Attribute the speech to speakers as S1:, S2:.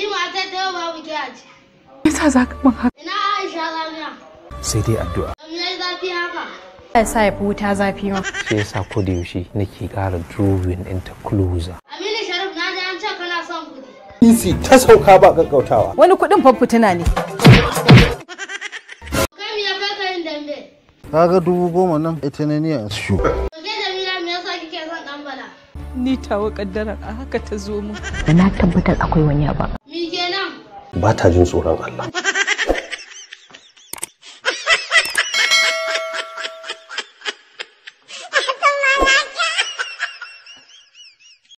S1: Halima ta ta babu giyaji.
S2: Yasa za ka man haka?
S1: Ina Aisha lafiya.
S2: Sai dai addu'a.
S1: Me zafi haka?
S2: Ya sa ya fi wuta zafi ma. Sai ya sa ko da yaushe nake ƙara drawing ɗinta closer.
S1: Aminu Sharif na ji an ce kana son kuɗi.
S2: Isi ta sauka ba kakkautawa.
S3: Wani kuɗin fa fitina ne. Kai
S1: me ya kai ka yin dambe?
S4: Kaga dubu goma nan ita ne niyan su.
S1: ni tawa kaddara a haka ta zo mu.
S4: na tabbatar akwai wani
S2: abu ba ta jin tsoron
S1: Allah